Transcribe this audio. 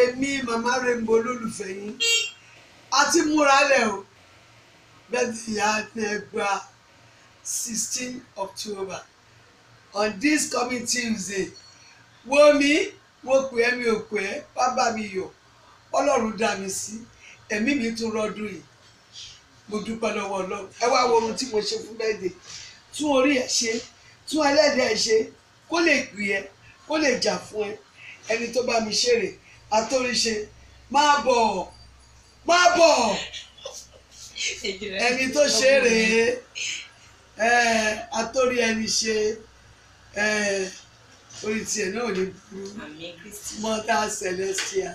èmi màmá Rainbow olólùfẹ́ yín a ti múra lẹ̀ o bẹ́ẹ̀ni ìyá ẹgbà sixteen October on this coming Tuesday wo mi mo pè é mi ò pè é bàbá mi yọ̀ ọlọ́run dá mi sí ẹ̀mí mi tún rọ́dún yìí mo dúpẹ́ lọ́wọ́ ọlọ́run ẹ wá wo ohun tí mo ṣe fún bẹ́ẹ̀dẹ̀ tún orí ẹ̀ ṣe tún ẹlẹ́dẹ̀ ẹ̀ ṣe kó lè gbì kó lè jà fún ẹ ẹni tó bá mi ṣeré àtòrìṣe máa bọ̀ máa bọ̀ ẹni tó ṣe é rèé àtòrí ẹni ṣe orí tiẹ̀ náà ò ní burú mọ́tà celestia.